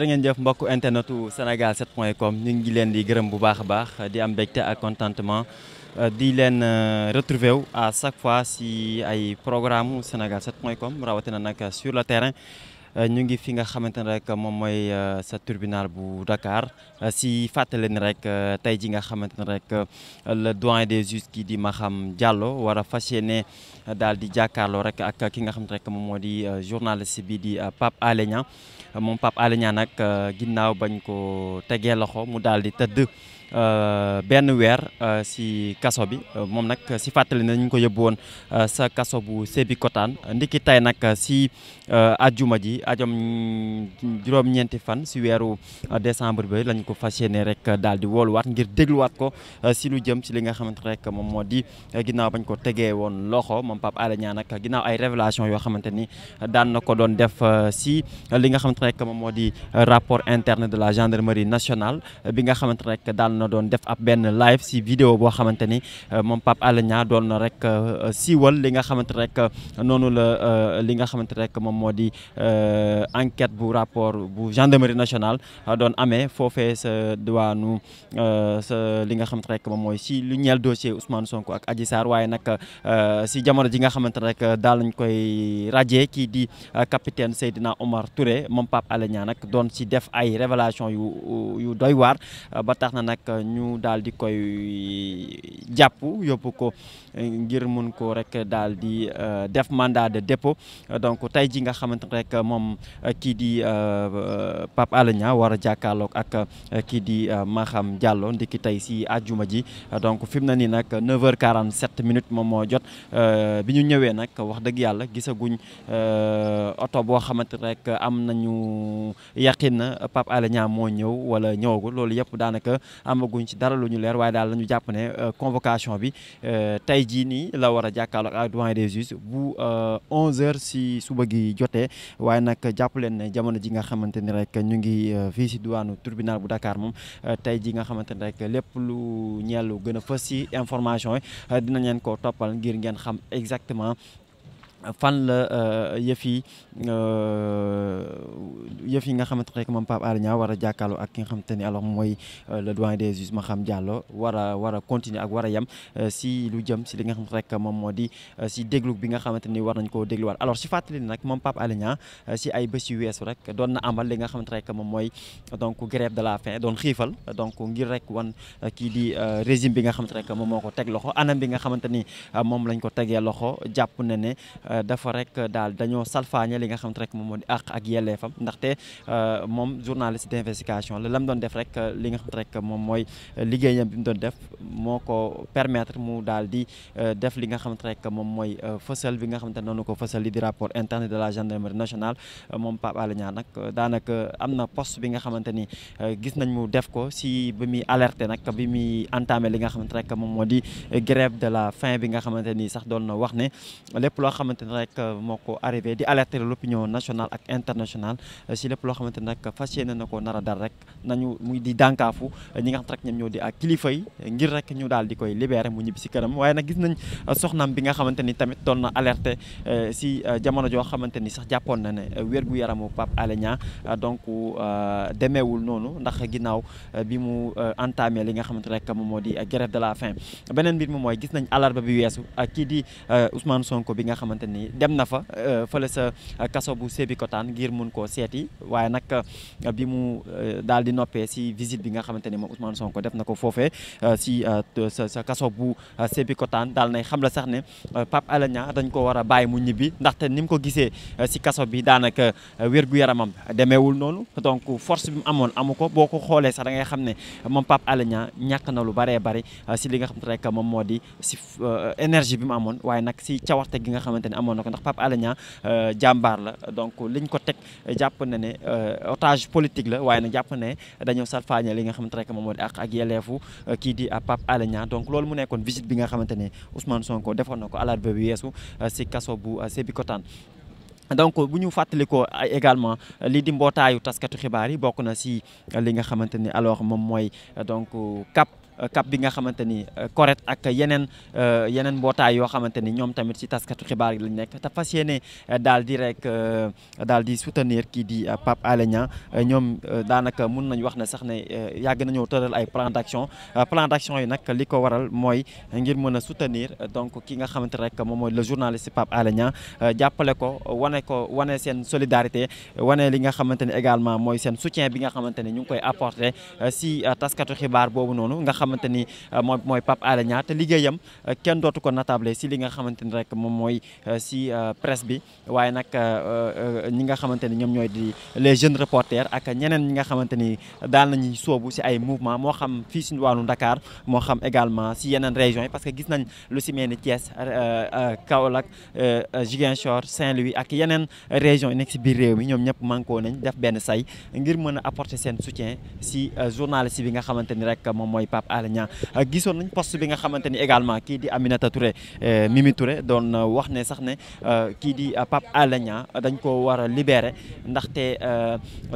jërë ngeen jëf mbokku internetu sénégal 7 point com ñu ngi leen di gërëm bu baax baax di am mbégte ak contentement euh, di leen euh, retrouver wu à chaque fois si ay programme sénégal 7 point com rawatina nag sur le terrain Euh, ñu ngi fi nga xamante ne rek moom mooy euh, sa tribunal bu Dakar euh, si fàttali ni rek tey ji nga xamante ne rek le doyen des juges kii di Maham Diallo war a fas yéene daal di jàkkaarloo rek ak ki nga xamante rek moom moo di journaliste bi di Pape Alé moom Pape Alé Niang nag ginnaaw bañ ko tegee loxo mu daal di tëdd. Euh, benn weer euh, si kaso bi euh, moom nag si fàttali na ñu ko yóbbu woon sa kaso bu kotaan ndiki tey nag si ajuma ji ajom juróom-ñeenti fan si weeru décembre bi lañ ko fas yéene rek daal di wooluwaat ngir dégluwaat ko si lu jëm si li nga xamante rek moom moo di ginnaaw bañ ko tegee woon loxo moom Pape Alé nag ginnaaw ay révélation yoo xamante ni daan na ko doon def si li nga xamante rek moom moo di rapport internet de la gendarmerie nationale bi nga xamante rek daan na doon def ab benn live si vidéo boo xamante ni euh, moom Pape Alé ñaa doon na rek euh, euh, siiwal li nga xamante rek noonu la li nga xamante rek moom moo di enquête bu rapport bu gendarmerie nationale doon amee foofee sa diwaanu sa li nga xamante rek moom mooy si lu ñeel dossier Ousmane Sonko ak aji Sarr waaye nag si jamono ji nga xamante rek daal nañ koy rajee kii di capitaine Seydina Omar Touré moom Pape Alé Niang nag doon si def ay révélation yu yu doy waar ba tax na nag ñu daal di koy jàpp yóbbu ko eh, ngir mun ko rek daal di eh, def mandat de dépôt donc tey ji nga xamante rek moom eh, kii di Pape Alé Niang war a jàkkaarloog ak kii di Maham jàlloo ndiki tey si àjjuma ji donc fi mu ne nii nag 9h47 minutes moom moo jot bi ñu ñëwee nag wax dëgg yàlla gisaguñ oto boo xamante rek am nañu yaqin na Pape Alé Niang moo ñëw wala ñëwagul loolu yëpp daanaka am amaguñ ci dara lu ñu leer waaye daal la ñu jàpp ne euh, convocation bi euh, tey jii nii la war a jàkkaarloo ak doyen des juges bu 11h euh, si suba gi jotee waaye nag jàpp leen ne jamono ji nga xamante ni rek ñu ngi fii si diwaanu tribunal bu Dakar moom tey ji nga xamante ni rek lépp lu ñeel lu gën a fës si information yi dina leen ko toppal ngir ngeen xam exactement. fan la euh, yëf yi euh, yëf yi nga xamante rek moom Pape Alé Niang war a jàkkaarloo ak ki nga xamante ni alors mooy euh, le doyen des juges xam Diallo war a war a continuer ak war a yem si lu jëm si li nga xamante rek moom moo di si déglu bi nga xamante ni war nañ koo dégluwaat alors si fàttali nag moom Pape Alé si ay bés yu rek doon na amal li nga xamante rek moom mooy donc grève de la faim doon xiifal donc ngir rek wan kii di résime bi nga xamante rek moom moo ko teg loxo anam bi nga xamante ni moom lañ ko tegee loxo jàpp na ne Euh, dafa rek euh, daal dañoo salfaañe li nga xam te rek moom moo di àq ak yelleefam ndaxte euh, moom journaliste d'investigation la lam doon def rek li nga rek moom mooy liggéeyam bi mu doon def moo ko permettre mu daal di def li nga xam te rek moom mooy fësal bi nga xam te noonu ko fësal li di rapport interne de la gendarmerie nationale moom Pape Alé Niang nag daanaka am na post bi nga xamante ni gis nañ mu def ko si bi muy alerte nag bi muy entamé li nga xamante rek moom moo di grève de la faim bi nga xamante ni sax doon na wax ne lépp loo xamante xamante ne rek euh, moo ko arrivé di alerter l'opinion nationale ak internationale euh, si lépp loo xamante ne rek fas yéene na ko nar a dal rek nañu muy di dànkaafu euh, ñi nga xam rek ñoom ñoo di ak kilifa yi ngir rek ñu daal di koy libéré mu ñibbi si këram waaye nag gis nañ soxnaam bi nga xamante ni tamit doon na alerter si jamono joo xamante ni sax jàppoon na ne wérgu yaramu Pape Alé Niang donc demeewul noonu ndax ginnaaw bi mu entamé li nga xamante rek moom moo di grève de la faim beneen mbir mi mooy gis nañ alarba bi weesu kii di Ousmane Sonko bi nga xamante ni dem na fa euh, fële sa euh, kaso bu Sébikotane ngir mun koo seeti waaye nag euh, bi mu daal di noppee si visite bi nga xamante ni moom Ousmane ko def na ko foofee si sa sa kaso bu sebi Sébikotane daal nay xam la sax ne Pape Alé Niang dañ ko war a bàyyi mu ñibbi ndaxte ni mu ko gisee si kaso bi daanaka wér-gu-yaramam demeewul noonu donc force bi mu amoon amu ko boo ko xoolee sax da ngay xam ne ma Pape Alé Niang na lu baree bari si li nga xamante rek moom moo di si énergie bi amoon na ko ndax Pape Alé Niang euh, jàmbaar la donc liñ ko teg jàpp na ne euh, otage politique la waaye nag jàpp ne dañoo salfaañe li nga xamante rek moom moo di ak ak yeleefu euh, kii di Pape Alé Niang donc loolu mu nekkoon visite bi nga xamante ne Ousmane Sonko defoon na ko àllarba bi weesu si kaso bu Sébikotane donc bu ñu fàttalikoo également lii di mbootaayu taskatu xibaar yi bokk na si li nga xamante ni alors moom mooy donc CAP Euh, cap bi nga xamante ni euh, correct ak yeneen euh, yeneen mbootaay yoo xamante ni ñoom tamit si taskatu xibaar yi lañ nekk te fas yéene daal di rek daal di soutenir kii di Pape Alé Niang ñoom daanaka mun nañ wax ne sax ne yàgg nañoo tëral ay plan d'action plan d'action yi nag li ko waral mooy ngir mën a soutenir donc ki nga xamante rek moom mooy le journaliste Pape Alé Niang jàppale ko wane ko wane seen solidarité wane li nga xamante ni également mooy seen soutien bi nga xamante ni ñu ngi koy apporter ci taskatu xibaar boobu noonu xamante ni euh, mooy mooy Pape Alé te liggéeyam euh, kenn dootu ko natable si li nga xamante ni rek moom mooy euh, si presse bi waaye nag ñi nga xamante ni ñoom ñooy di les jeunes reporters ak ñeneen ñi nga xamante ni daal nañuy soobu si ay mouvement moo xam fii si wàllu ndakaar moo xam également si yeneen régions yi parce que gis nañ lu si mel ni Thiès Kaolack Ziguinchor Saint-Louis ak yeneen régions yi nekk si biir réew mi ñoom ñëpp mànkoo nañ def benn say ngir mën Alla Niang euh, gisoon nañ poste bi nga xamante ni également kii di Aminata Touré euh, Mimi Touré doon euh, wax ne sax ne kii di Pape Alla Niang dañ ko war a libérer ndaxte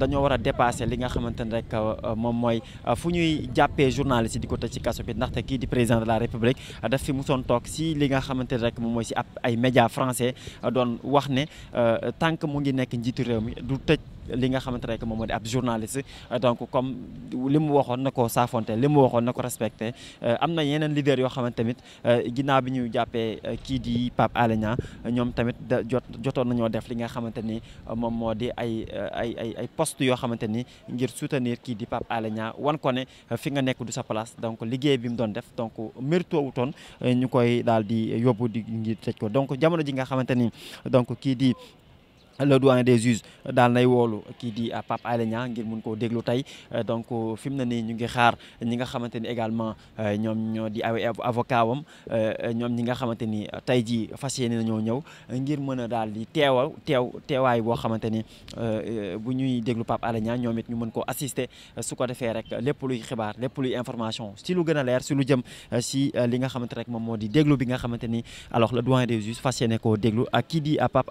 dañoo war a dépasser li nga xamante ni rek moom mooy fu ñuy jàppee journaliste si di ko tëj ci kaso bi ndaxte kii di président de la république daf fi musoon toog si li nga xamante ni rek moom mooy si ab ay médias français doon wax ne tant mu ngi nekk njiitu réew mi du tëj li nga xamante rek moom moo di ab journaliste donc comme li mu waxoon na ko saafonte li mu waxoon na ko respecté euh, am na yeneen leader yoo xamante tamit euh, ginnaaw bi ñu jàppee euh, kii di Pape Alé ñoom tamit jot jotoon nañoo def li nga xamante ni moom moo di ay ay ay ay poste yoo xamante ni ngir soutenir kii di Pape Alé wan ko ne fi nga nekk du sa place donc liggéey bi mu doon def donc mérito wutoon ñu koy daal di yóbbu di ngir tëj ko donc jamono ji nga xamante ni donc kii di le doyen des juges daal nay woolu kii di euh, Pape Alé Niang ngir mun koo déglu tey euh, donc euh, fi mu ne nii ñu ngi xaar ñi nga xamante ni également ñoom ñoo di ay avocat wam ñoom ñi nga xamante ni tey jii fas yéene nañoo ñëw ngir mën a daal di teewa teew teewaay boo xamante ni bu ñuy déglu Pape Alé Niang ñoom it ñu mën ko assister su ko defee rek lépp luy xibaar lépp luy information si lu gën a leer si lu jëm si li nga xamante rek moom moo di déglu bi nga xamante ni alors le doyen des juges fas yéene koo déglu ak kii di Pape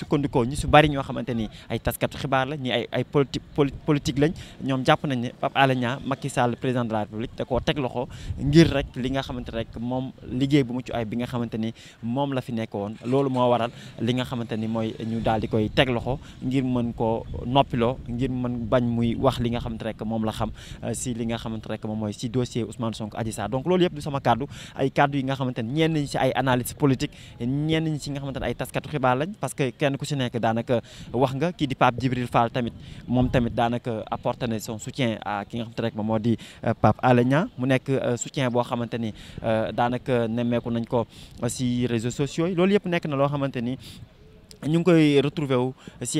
sukkandikoo ñu si bari ñoo xamante ni ay taskatu xibaar la ñi ay ay politique politique lañ ñoom jàpp nañ ne Pape Alé la République teg loxo ngir rek li nga xamante rek moom liggéey bu mucc ay bi nga xamante ni moom la fi nekkoon loolu moo waral li nga xamante ni mooy ñu daal di koy teg loxo ngir mën koo noppiloo ngir mën bañ muy wax li nga xamante rek moom la xam euh, si li nga xamante rek moom mooy si dossier Ousmane Sonko Adji Sarr yëpp sama kaddu ay kaddu yi nga xamante ni ñenn ñi si ay analyse politique ñenn ñi si nga xamante ay taskatu xibaar lañ parce que kenn ku si nekk daanaka wax nga kii di Pape Djibril Fall tamit moom tamit daanaka apporté na son soutien à ki nga xamante rek moom moo di euh, Pape Alé Niang mu nekk euh, soutien boo xamante ni euh, daanaka nemmeeku nañ ko si réseaux sociaux yi loolu yëpp nekk na loo xamante ni ñu ngi koy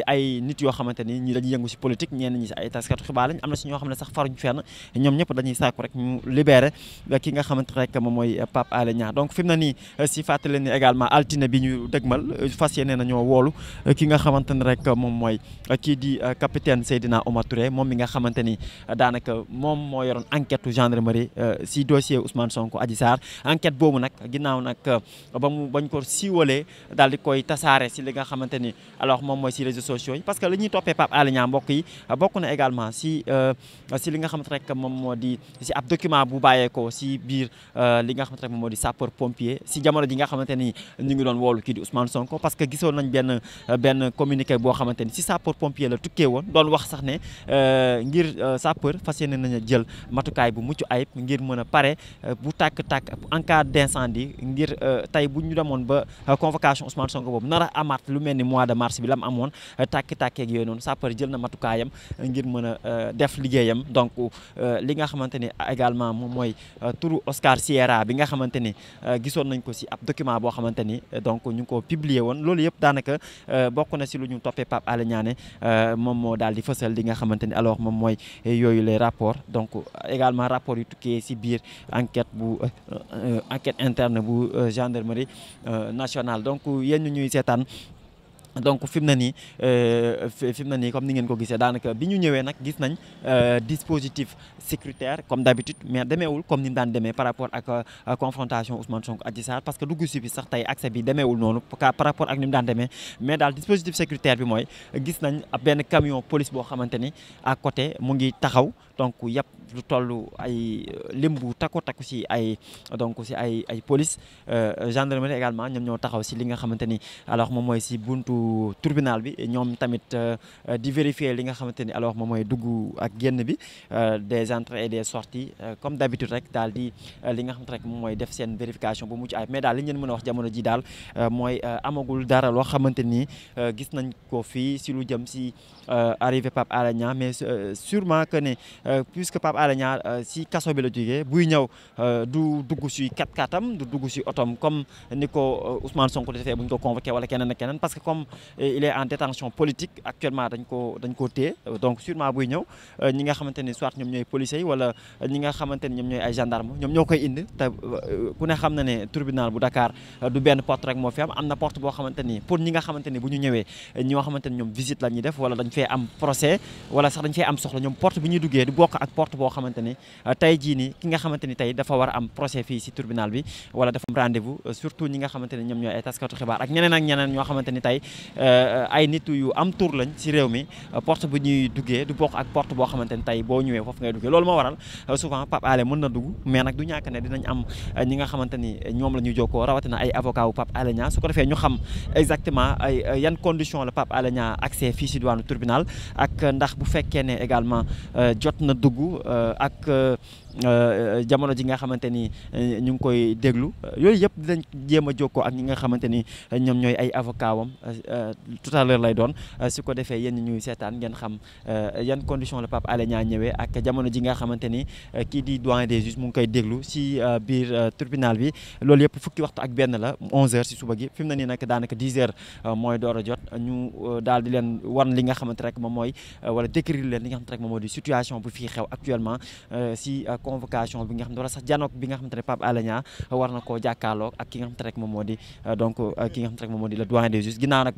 ay yoo xamante ni ñi dañuy yëngu si politique ñenn ñi si ay taskatu ñoom ñëpp dañuy sàkku rek ñu libéré ki nga xamante rek moom mooy Pape Alé fi mu ne nii si fàttali leen ni également altine bi ñu dëgmal fas yéene nañoo woolu ki nga xamante ni rek moom mooy kii di capitaine Seydina Omar Touré moom mi nga xamante ni daanaka moom moo yoroon enquête gendarmerie euh, si dossier Ousmane sonk Adji Sarr enquête boobu nag ginnaaw nag ba mu bañ ko siiwalee daal di koy tasaare si li nga xamante ni alors moom mooy si réseaux sociaux yi parce que li ñuy toppee Pape Alé Niang mbokk yi bokk na également si euh, li nga xamante rek moom moo di si ab document bu bàyyeekoo si biir euh, li nga xamante rek moom moo di sapeur pompier si jamono ji nga xamante ni ñu ngi doon woolu kii di Ousmane Sonko parce que gisoon nañ benn euh, benn communiqué boo xamante ni si sapeur pompier la tukkee woon doon wax sax ne ngir sapeur fas yéene nañ jël matukaay bu mucc ayib ngir mën a pare bu tàkk-tàkk en cas d'incendie ngir tey bu ñu demoon ba convocation Ousmane lu mel ni mois de mars bi lam amoon euh, tàkki-tàkki ak yooyu noonu sapeur jël na matukaayam euh, ngir mën a euh, def liggéeyam donc li nga xamante ni également moom mooy turu Oscar Sierra bi nga xamante ni gisoon nañ ko si ab document boo xamante ni donc ñu ko piblier woon loolu yëpp daanaka bokk na si lu ñu toppee Pape Alé Niané moom moo daal di fësal li nga xamante ni alors moom mooy yooyu les rapports donc également rapport yu tukkee si biir enquête bu enquête interne bu gendarmerie nationale donc yéen ñuy seetaan donc fi mu ne nii euh, fi mu ne nii comme ni ngeen ko gisee daanaka bi ñu ñëwee nag gis nañ euh, dispositif sécuritaire comme d'habitude mais demeewul comme ni mu daan demee par rapport ak euh, confrontation Ousmane Sonko Adji parce que dugg si bi sax tey accès bi demeewul noonu par rapport ak ni mu daan demee mais daal dispositif sécuritaire bi mooy gis nañ benn camion police boo xamante ni à côté mu ngi taxaw donc yàpp lu toll ay euh, lim bu takkoo takku si ay donc si ay ay police euh, gendarmerie également ñoom ñoo taxaw si li nga xamante ni alors moom mooy si buntu tribunal bi ñoom tamit euh, di vérifier li nga xamante ni alors moom mooy dugg ak génn bi des entrées et des sorties comme d'habitude rek daal di li nga xamante rek moom mooy def seen vérification bu mucc ay mais daal li ngeen mën a wax jamono ji daal mooy amagul dara loo xamante ni gis nañ ko fii si lu jëm si arrivé Pape Alé mais sûrement que ne Euh, puisque Pape Alé Niang euh, si kaso bi la jógee buy ñëw euh, du dugg si kat katam du dugg si otom comme ni ko Ousmane Sonko defee bu ñu ko convoqué wala keneen ak parce que comme il est en détention politique actuellement dañ ko dañ donc sûrement buy ñëw ñi nga xamante ni soit ñoom ñooy policiers yi wala ñi nga xamante ni ñoom ñooy ay gendarme ñoom ñoo koy indi te ku ne xam na ne tribunal bu Dakar du benn porte rek moo fi am am na porte boo xamante ni pour ñi nga xamante ni bu ñu ñëwee ñoo xamante ni ñoom visite la ñuy def wala dañ fee am procès gox boo xamante ne euh, jii nii ki nga xamante ni dafa war a am procès fii si tribunal bi wala dafa am euh, surtout ñi nga xamante ñoom ñooy ay taskatu euh, mi porte bu ñuy duggee boo xamante ni tey boo ñëwee foofu ngay na ni ñoom la ñu jokkoo rawatina ay avocat wu Pape Alé su ko defee ñu xam exactement ay condition la Pape Alé accès fii si diwaanu tribunal ak ndax bu fekkee ne également na dugg euh, ak euh, Euh, euh, jamono ji nga xamante ni euh, ñu ngi koy déglu yooyu yëpp dinañ jéem a jokkoo ak ñi nga xamante ni ñoom ñooy ay avocat wam tout à lay doon su ko defee yéen ñuy seetaan ngeen xam yan condition la Pape Alé Niang ñëwee ak jamono ji nga xamante ni kii di doyen des juges mu ngi koy déglu si biir tribunal bi loolu yëpp fukki waxtu ak benn la 11h si suba gi fi mu ne nii nag daanaka 10h mooy door a jot ñu daal di leen wan li nga xamante rek moom mooy wala décrire leen li nga xamante rek moom mooy di situation bu fii xew actuellement si ak convocation bi nga xam ne wala sax janook bi nga xam te ne Pape Alé war na koo jàkkaarloo ak ki nga xam te rek moom moo di euh, donc euh, ki nga xam te rek moom moo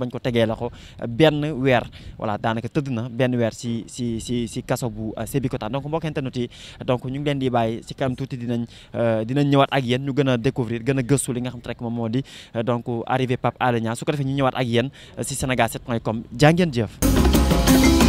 di ko tegee la ko benn weer voilà daanaka tëdd na benn weer si si si si kaso bu euh, Sébikotane donc mbokk internet yi donc ñu ngi leen di bàyyi si kanam tuuti dina dinañ ñëwaat ak yen ñu gën a découvrir gën a gëstu li nga xam te rek moom moo di donc arrivé Pape Alé Niang ko defee ñu ñëwaat ak yéen si sénégal comme jàngeen jëf